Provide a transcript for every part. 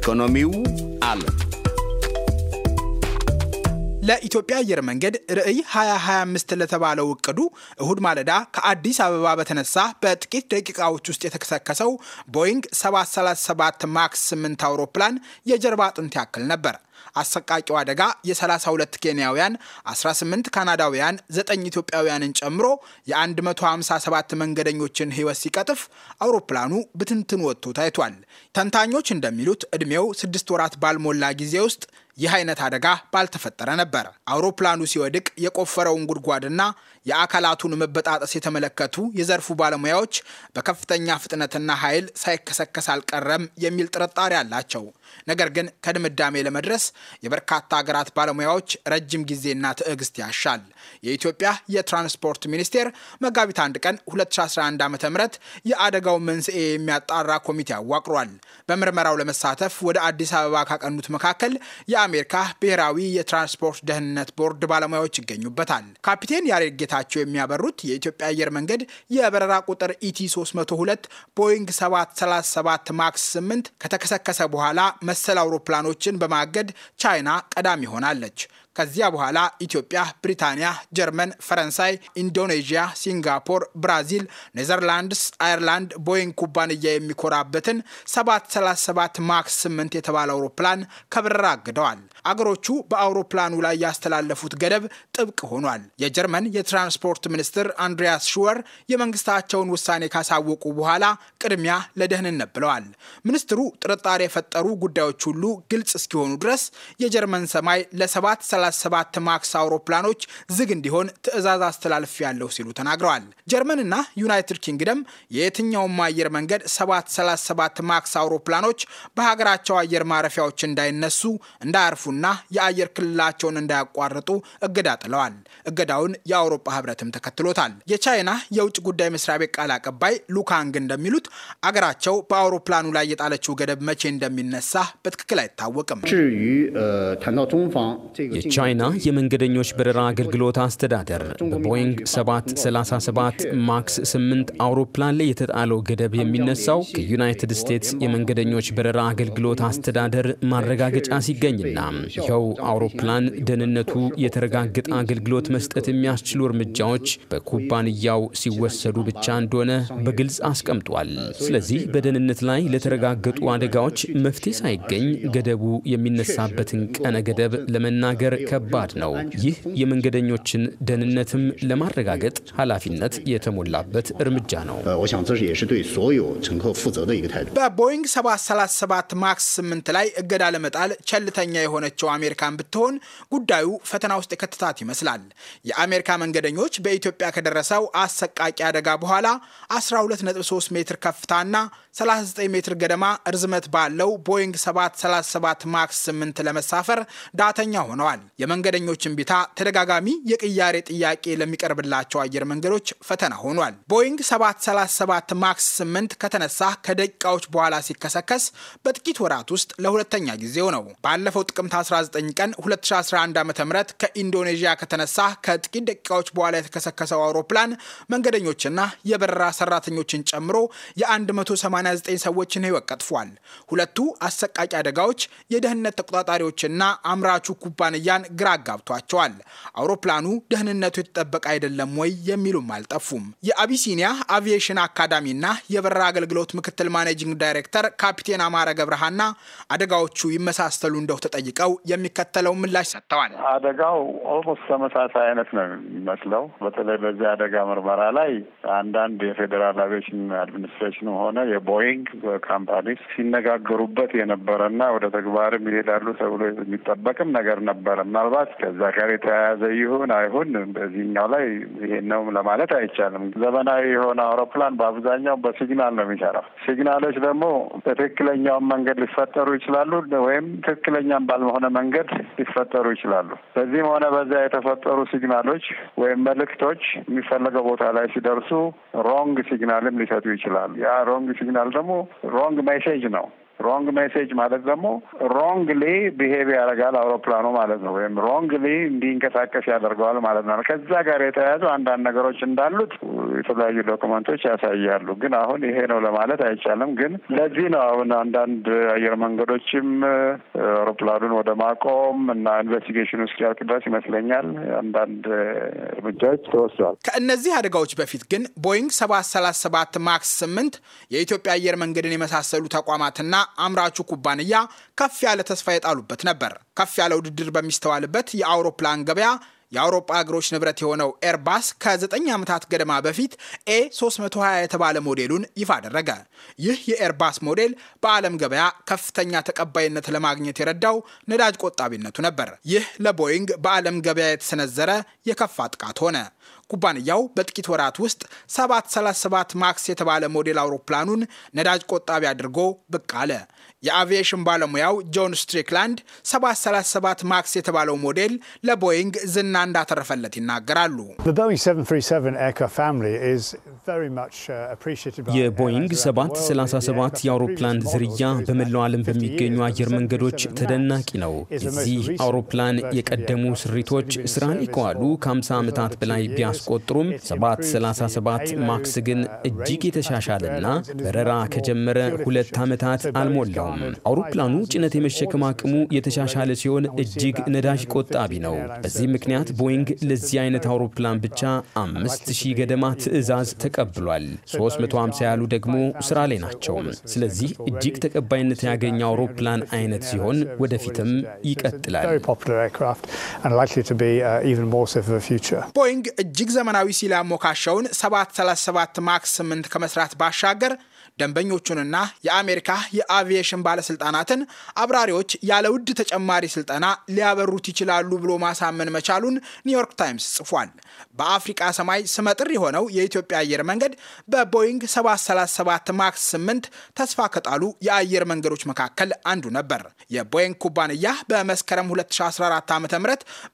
ኢኮኖሚው አለ። ለኢትዮጵያ አየር መንገድ ርዕይ 2025 ለተባለው እቅዱ እሁድ ማለዳ ከአዲስ አበባ በተነሳ በጥቂት ደቂቃዎች ውስጥ የተከሰከሰው ቦይንግ 737 ማክስ 8 አውሮፕላን የጀርባ አጥንት ያክል ነበር። አሰቃቂው አደጋ የ32 ኬንያውያን፣ 18 ካናዳውያን፣ 9 ኢትዮጵያውያንን ጨምሮ የ157 መንገደኞችን ሕይወት ሲቀጥፍ አውሮፕላኑ ብትንትን ወጥቶ ታይቷል። ተንታኞች እንደሚሉት ዕድሜው 6 ወራት ባልሞላ ጊዜ ውስጥ ይህ አይነት አደጋ ባልተፈጠረ ነበር። አውሮፕላኑ ሲወድቅ የቆፈረውን ጉድጓድና የአካላቱን መበጣጠስ የተመለከቱ የዘርፉ ባለሙያዎች በከፍተኛ ፍጥነትና ኃይል ሳይከሰከስ አልቀረም የሚል ጥርጣሬ አላቸው። ነገር ግን ከድምዳሜ ለመድረስ የበርካታ ሀገራት ባለሙያዎች ረጅም ጊዜና ትዕግስት ያሻል። የኢትዮጵያ የትራንስፖርት ሚኒስቴር መጋቢት አንድ ቀን 2011 ዓ ም የአደጋው መንስኤ የሚያጣራ ኮሚቴ አዋቅሯል። በምርመራው ለመሳተፍ ወደ አዲስ አበባ ካቀኑት መካከል የአሜሪካ ብሔራዊ የትራንስፖርት ደህንነት ቦርድ ባለሙያዎች ይገኙበታል። ካፒቴን ያሬድ ጌታቸው የሚያበሩት የኢትዮጵያ አየር መንገድ የበረራ ቁጥር ኢቲ 302 ቦይንግ 737 ማክስ 8 ከተከሰከሰ በኋላ መሰል አውሮፕላኖችን በማገድ ቻይና ቀዳሚ ሆናለች። ከዚያ በኋላ ኢትዮጵያ፣ ብሪታንያ፣ ጀርመን፣ ፈረንሳይ፣ ኢንዶኔዥያ፣ ሲንጋፖር፣ ብራዚል፣ ኔዘርላንድስ፣ አየርላንድ ቦይንግ ኩባንያ የሚኮራበትን 737 ማክስ 8 የተባለ አውሮፕላን ከበረራ አግደዋል። አገሮቹ በአውሮፕላኑ ላይ ያስተላለፉት ገደብ ጥብቅ ሆኗል። የጀርመን የትራንስፖርት ሚኒስትር አንድሪያስ ሹወር የመንግስታቸውን ውሳኔ ካሳወቁ በኋላ ቅድሚያ ለደህንነት ብለዋል። ሚኒስትሩ ጥርጣሬ የፈጠሩ ጉዳዮች ሁሉ ግልጽ እስኪሆኑ ድረስ የጀርመን ሰማይ ለሰባት ሰባት ማክስ አውሮፕላኖች ዝግ እንዲሆን ትዕዛዝ አስተላልፍ ያለው ሲሉ ተናግረዋል። ጀርመንና ዩናይትድ ኪንግደም የየትኛውም አየር መንገድ 737 ማክስ አውሮፕላኖች በሀገራቸው አየር ማረፊያዎች እንዳይነሱ እንዳያርፉና የአየር ክልላቸውን እንዳያቋርጡ እገዳ ጥለዋል። እገዳውን የአውሮፓ ህብረትም ተከትሎታል። የቻይና የውጭ ጉዳይ መስሪያ ቤት ቃል አቀባይ ሉካንግ እንደሚሉት አገራቸው በአውሮፕላኑ ላይ የጣለችው ገደብ መቼ እንደሚነሳ በትክክል አይታወቅም። uh, የቻይና የመንገደኞች በረራ አገልግሎት አስተዳደር በቦይንግ 737 ማክስ 8 አውሮፕላን ላይ የተጣለው ገደብ የሚነሳው ከዩናይትድ ስቴትስ የመንገደኞች በረራ አገልግሎት አስተዳደር ማረጋገጫ ሲገኝና ይኸው አውሮፕላን ደህንነቱ የተረጋገጠ አገልግሎት መስጠት የሚያስችሉ እርምጃዎች በኩባንያው ሲወሰዱ ብቻ እንደሆነ በግልጽ አስቀምጧል። ስለዚህ በደህንነት ላይ ለተረጋገጡ አደጋዎች መፍትሄ ሳይገኝ ገደቡ የሚነሳበትን ቀነ ገደብ ለመናገር ከባድ ነው። ይህ የመንገደኞችን ደህንነትም ለማረጋገጥ ኃላፊነት የተሞላበት እርምጃ ነው። በቦይንግ 737 ማክስ 8 ላይ እገዳ ለመጣል ቸልተኛ የሆነችው አሜሪካን ብትሆን ጉዳዩ ፈተና ውስጥ የከተታት ይመስላል። የአሜሪካ መንገደኞች በኢትዮጵያ ከደረሰው አሰቃቂ አደጋ በኋላ 123 ሜትር ከፍታና 39 ሜትር ገደማ እርዝመት ባለው ቦይንግ 737 ማክስ 8 ለመሳፈር ዳተኛ ሆነዋል። የመንገደኞች ቢታ ተደጋጋሚ የቅያሬ ጥያቄ ለሚቀርብላቸው አየር መንገዶች ፈተና ሆኗል። ቦይንግ 737 ማክስ 8 ከተነሳ ከደቂቃዎች በኋላ ሲከሰከስ በጥቂት ወራት ውስጥ ለሁለተኛ ጊዜው ነው። ባለፈው ጥቅምት 19 ቀን 2011 ዓ.ም ከኢንዶኔዥያ ከተነሳ ከጥቂት ደቂቃዎች በኋላ የተከሰከሰው አውሮፕላን መንገደኞችና የበረራ ሰራተኞችን ጨምሮ የ180 89 ሰዎችን ህይወት ቀጥፏል። ሁለቱ አሰቃቂ አደጋዎች የደህንነት ተቆጣጣሪዎችና አምራቹ ኩባንያን ግራ አጋብቷቸዋል። አውሮፕላኑ ደህንነቱ የተጠበቀ አይደለም ወይ የሚሉም አልጠፉም። የአቢሲኒያ አቪዬሽን አካዳሚና የበረራ አገልግሎት ምክትል ማኔጂንግ ዳይሬክተር ካፒቴን አማረ ገብረሃና አደጋዎቹ ይመሳሰሉ እንደው ተጠይቀው የሚከተለው ምላሽ ሰጥተዋል። አደጋው ኦልሞስት ተመሳሳይ አይነት ነው የሚመስለው። በተለይ በዚህ አደጋ ምርመራ ላይ አንዳንድ የፌዴራል አቪዬሽን አድሚኒስትሬሽኑ ሆነ የቦ ቦይንግ ካምፓኒ ሲነጋገሩበት የነበረና ወደ ተግባርም ይሄዳሉ ተብሎ የሚጠበቅም ነገር ነበረ። ምናልባት ከዛ ጋር የተያያዘ ይሁን አይሁን በዚህኛው ላይ ይሄን ነው ለማለት አይቻልም። ዘመናዊ የሆነ አውሮፕላን በአብዛኛው በሲግናል ነው የሚሰራው። ሲግናሎች ደግሞ በትክክለኛውን መንገድ ሊፈጠሩ ይችላሉ ወይም ትክክለኛም ባልሆነ መንገድ ሊፈጠሩ ይችላሉ። በዚህም ሆነ በዚያ የተፈጠሩ ሲግናሎች ወይም መልእክቶች የሚፈለገው ቦታ ላይ ሲደርሱ ሮንግ ሲግናልም ሊሰጡ ይችላሉ። ያ ሮንግ ሲግናል వెళ్ళడము wrong message now ሮንግ ሜሴጅ ማለት ደግሞ ሮንግ ሊ ቢሄቭ ያደርጋል አውሮፕላኑ ማለት ነው። ወይም ሮንግሊ እንዲንቀሳቀስ ያደርገዋል ማለት ነው። ከዛ ጋር የተያያዙ አንዳንድ ነገሮች እንዳሉት የተለያዩ ዶክመንቶች ያሳያሉ። ግን አሁን ይሄ ነው ለማለት አይቻልም። ግን ለዚህ ነው አሁን አንዳንድ አየር መንገዶችም አውሮፕላኑን ወደ ማቆም እና ኢንቨስቲጌሽን ውስጥ ያልቅ ድረስ ይመስለኛል አንዳንድ እርምጃዎች ተወስደዋል። ከእነዚህ አደጋዎች በፊት ግን ቦይንግ ሰባት ሰላሳ ሰባት ማክስ ስምንት የኢትዮጵያ አየር መንገድን የመሳሰሉ ተቋማትና አምራቹ ኩባንያ ከፍ ያለ ተስፋ የጣሉበት ነበር። ከፍ ያለ ውድድር በሚስተዋልበት የአውሮፕላን ገበያ የአውሮፓ ሀገሮች ንብረት የሆነው ኤርባስ ከ9 ዓመታት ገደማ በፊት ኤ 320 የተባለ ሞዴሉን ይፋ አደረገ። ይህ የኤርባስ ሞዴል በዓለም ገበያ ከፍተኛ ተቀባይነት ለማግኘት የረዳው ነዳጅ ቆጣቢነቱ ነበር። ይህ ለቦይንግ በዓለም ገበያ የተሰነዘረ የከፋ ጥቃት ሆነ። ኩባንያው በጥቂት ወራት ውስጥ 737 ማክስ የተባለ ሞዴል አውሮፕላኑን ነዳጅ ቆጣቢ አድርጎ ብቅ አለ። የአቪዬሽን ባለሙያው ጆን ስትሪክላንድ 737 ማክስ የተባለው ሞዴል ለቦይንግ ዝና እንዳተረፈለት ይናገራሉ። uh, የቦይንግ 737 የአውሮፕላን ዝርያ በመላው ዓለም በሚገኙ አየር መንገዶች ተደናቂ ነው። የዚህ አውሮፕላን የቀደሙ ስሪቶች ስራን ይከዋሉ ከ50 ዓመታት በላይ ቢያስ ቢያስቆጥሩም 737 ማክስ ግን እጅግ የተሻሻለና በረራ ከጀመረ ሁለት ዓመታት አልሞላውም። አውሮፕላኑ ጭነት የመሸከም አቅሙ የተሻሻለ ሲሆን እጅግ ነዳጅ ቆጣቢ ነው። በዚህ ምክንያት ቦይንግ ለዚህ አይነት አውሮፕላን ብቻ አምስት ሺህ ገደማ ትዕዛዝ ተቀብሏል። 350 ያሉ ደግሞ ስራ ላይ ናቸው። ስለዚህ እጅግ ተቀባይነት ያገኘ አውሮፕላን አይነት ሲሆን ወደፊትም ይቀጥላል። uh, ቦይንግ እጅግ ዘመናዊ ሲል ያሞካሸውን 737 ማክስ 8 ከመስራት ባሻገር ደንበኞቹንና የአሜሪካ የአቪዬሽን ባለስልጣናትን አብራሪዎች ያለ ውድ ተጨማሪ ስልጠና ሊያበሩት ይችላሉ ብሎ ማሳመን መቻሉን ኒውዮርክ ታይምስ ጽፏል። በአፍሪቃ ሰማይ ስመጥር የሆነው የኢትዮጵያ አየር መንገድ በቦይንግ 737 ማክስ 8 ተስፋ ከጣሉ የአየር መንገዶች መካከል አንዱ ነበር። የቦይንግ ኩባንያ በመስከረም 2014 ዓ ም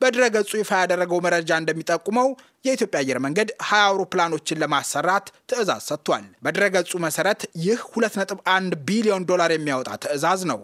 በድረገጹ ይፋ ያደረገው መረጃ እንደሚጠቁመው የኢትዮጵያ አየር መንገድ 20 አውሮፕላኖችን ለማሰራት ትዕዛዝ ሰጥቷል። በድረገጹ መሰረት ይህ 2.1 ቢሊዮን ዶላር የሚያወጣ ትዕዛዝ ነው።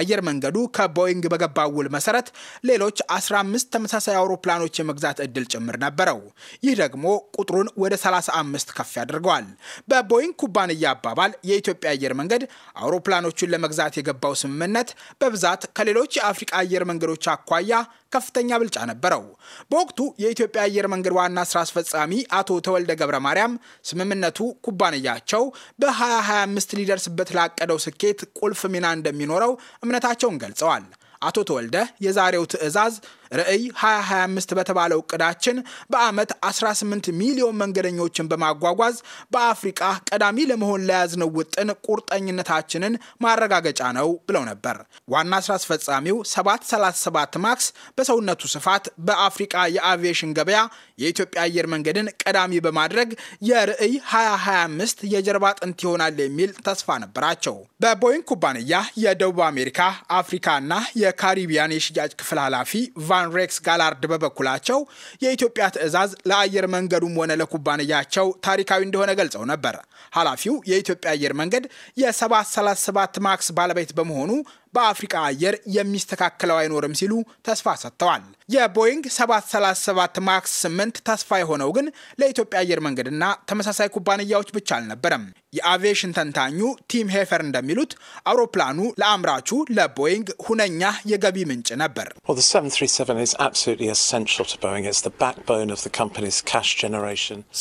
አየር መንገዱ ከቦይንግ በገባው ውል መሰረት ሌሎች 15 ተመሳሳይ አውሮፕላኖች የመግዛት ዕድል ጭምር ነበረው። ይህ ደግሞ ቁጥሩን ወደ 35 ከፍ ያደርገዋል። በቦይንግ ኩባንያ አባባል የኢትዮጵያ አየር መንገድ አውሮፕላኖቹን ለመግዛት የገባው ስምምነት በብዛት ከሌሎች የአፍሪቃ አየር መንገዶች አኳያ ከፍተኛ ብልጫ ነበረው። በወቅቱ የኢትዮጵያ አየር መንገድ ዋና ስራ አስፈጻሚ አቶ ተወልደ ገብረ ማርያም ስምምነቱ ኩባንያቸው በ2025 ሊደርስበት ላቀደው ስኬት ቁልፍ ሚና እንደሚኖረው እምነታቸውን ገልጸዋል። አቶ ተወልደ የዛሬው ትዕዛዝ ርዕይ 2025 በተባለው እቅዳችን በዓመት 18 ሚሊዮን መንገደኞችን በማጓጓዝ በአፍሪቃ ቀዳሚ ለመሆን ለያዝነው ውጥን ቁርጠኝነታችንን ማረጋገጫ ነው ብለው ነበር። ዋና ስራ አስፈጻሚው 737 ማክስ በሰውነቱ ስፋት በአፍሪቃ የአቪዬሽን ገበያ የኢትዮጵያ አየር መንገድን ቀዳሚ በማድረግ የርዕይ 2025 የጀርባ አጥንት ይሆናል የሚል ተስፋ ነበራቸው። በቦይንግ ኩባንያ የደቡብ አሜሪካ አፍሪካና የካሪቢያን የሽያጭ ክፍል ኃላፊ ጄኔራል ሬክስ ጋላርድ በበኩላቸው የኢትዮጵያ ትዕዛዝ ለአየር መንገዱም ሆነ ለኩባንያቸው ታሪካዊ እንደሆነ ገልጸው ነበር። ኃላፊው የኢትዮጵያ አየር መንገድ የ737 ማክስ ባለቤት በመሆኑ በአፍሪቃ አየር የሚስተካከለው አይኖርም ሲሉ ተስፋ ሰጥተዋል። የቦይንግ 737 ማክስ 8 ተስፋ የሆነው ግን ለኢትዮጵያ አየር መንገድና ተመሳሳይ ኩባንያዎች ብቻ አልነበረም። የአቪዬሽን ተንታኙ ቲም ሄፈር እንደሚሉት አውሮፕላኑ ለአምራቹ ለቦይንግ ሁነኛ የገቢ ምንጭ ነበር።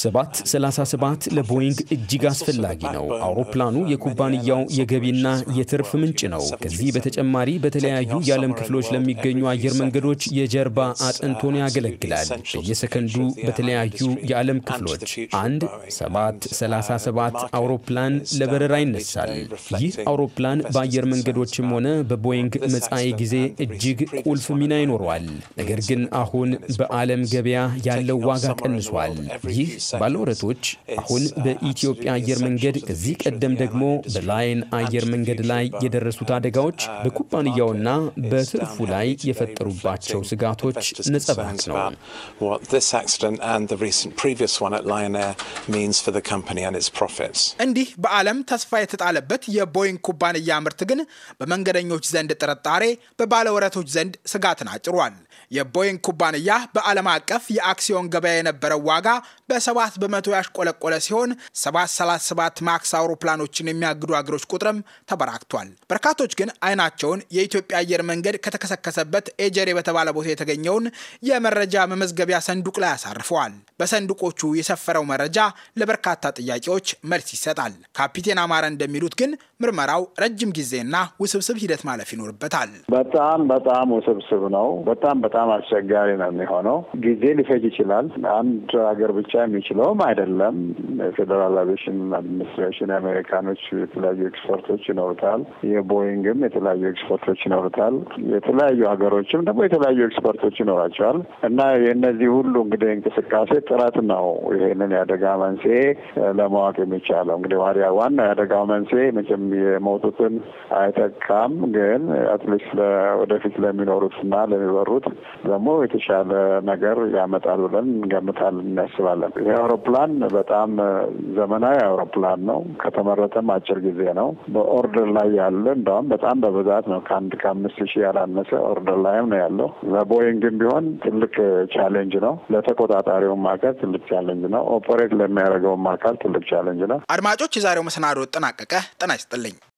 ሰባት ሰላሳ ለቦይንግ እጅግ አስፈላጊ ነው። አውሮፕላኑ የኩባንያው የገቢና የትርፍ ምንጭ ነው። ከዚህ በተጨማሪ በተለያዩ የዓለም ክፍሎች ለሚገኙ አየር መንገዶች የጀርባ አጥንት ሆኖ ያገለግላል። በየሰከንዱ በተለያዩ የዓለም ክፍሎች አንድ 737 አውሮፕላን ለበረራ ይነሳል። ይህ አውሮፕላን በአየር መንገዶችም ሆነ በቦይንግ መጻኢ ጊዜ እጅግ ቁልፍ ሚና ይኖረዋል። ነገር ግን አሁን በዓለም ገበያ ያለው ዋጋ ቀንሷል። ይህ ባለውረቶች አሁን በኢትዮጵያ አየር መንገድ ከዚህ ቀደም ደግሞ በላይን አየር መንገድ ላይ የደረሱት አደጋዎች በኩባንያውና በትርፉ ላይ የፈጠሩባቸው ስጋቶች ነጸብራቅ ነው። እንዲህ በዓለም ተስፋ የተጣለበት የቦይንግ ኩባንያ ምርት ግን በመንገደኞች ዘንድ ጥርጣሬ፣ በባለወረቶች ዘንድ ስጋትን አጭሯል። የቦይንግ ኩባንያ በዓለም አቀፍ የአክሲዮን ገበያ የነበረው ዋጋ በሰባት በመቶ ያሽቆለቆለ ሲሆን 737 ማክስ አውሮፕላኖችን የሚያግዱ አገሮች ቁጥርም ተበራክቷል። በርካቶች ግን አይናቸውን የኢትዮጵያ አየር መንገድ ከተከሰከሰበት ኤጀሬ በተባለ ቦታ የተገኘውን የመረጃ መመዝገቢያ ሰንዱቅ ላይ አሳርፈዋል። በሰንዱቆቹ የሰፈረው መረጃ ለበርካታ ጥያቄዎች መልስ ይሰጣል። ካፒቴን አማረ እንደሚሉት ግን ምርመራው ረጅም ጊዜና ውስብስብ ሂደት ማለፍ ይኖርበታል። በጣም በጣም ውስብስብ ነው። በጣም በጣም አስቸጋሪ ነው የሚሆነው። ጊዜ ሊፈጅ ይችላል። አንድ ሀገር ብቻ የሚችለውም አይደለም። የፌዴራል አቪዬሽን አድሚኒስትሬሽን የአሜሪካኖች የተለያዩ ኤክስፐርቶች ይኖሩታል። የቦይንግም የተለያዩ ኤክስፐርቶች ይኖሩታል። የተለያዩ ሀገሮችም ደግሞ የተለያዩ ኤክስፐርቶች ይኖራቸዋል እና የእነዚህ ሁሉ እንግዲህ እንቅስቃሴ ጥረት ነው ይሄንን የአደጋ መንስኤ ለማወቅ የሚቻለው። እንግዲህ ዋሪያ ዋና የአደጋው መንስኤ መቼም የሞቱትን አይተካም፣ ግን አትሊስት ወደፊት ለሚኖሩት እና ለሚበሩት ደግሞ የተሻለ ነገር ያመጣል ብለን እንገምታለን እናስባለን። ይህ አውሮፕላን በጣም ዘመናዊ አውሮፕላን ነው። ከተመረተም አጭር ጊዜ ነው። በኦርደር ላይ ያለ እንደውም በጣም በብዛት ነው። ከአንድ ከአምስት ሺህ ያላነሰ ኦርደር ላይም ነው ያለው። ለቦይንግም ቢሆን ትልቅ ቻሌንጅ ነው። ለተቆጣጣሪውም አካል ትልቅ ቻሌንጅ ነው። ኦፐሬት ለሚያደርገውም አካል ትልቅ ቻሌንጅ ነው። አድማጮች፣ የዛሬው መሰናዶ ጠናቀቀ። ጤና ይስጥልኝ።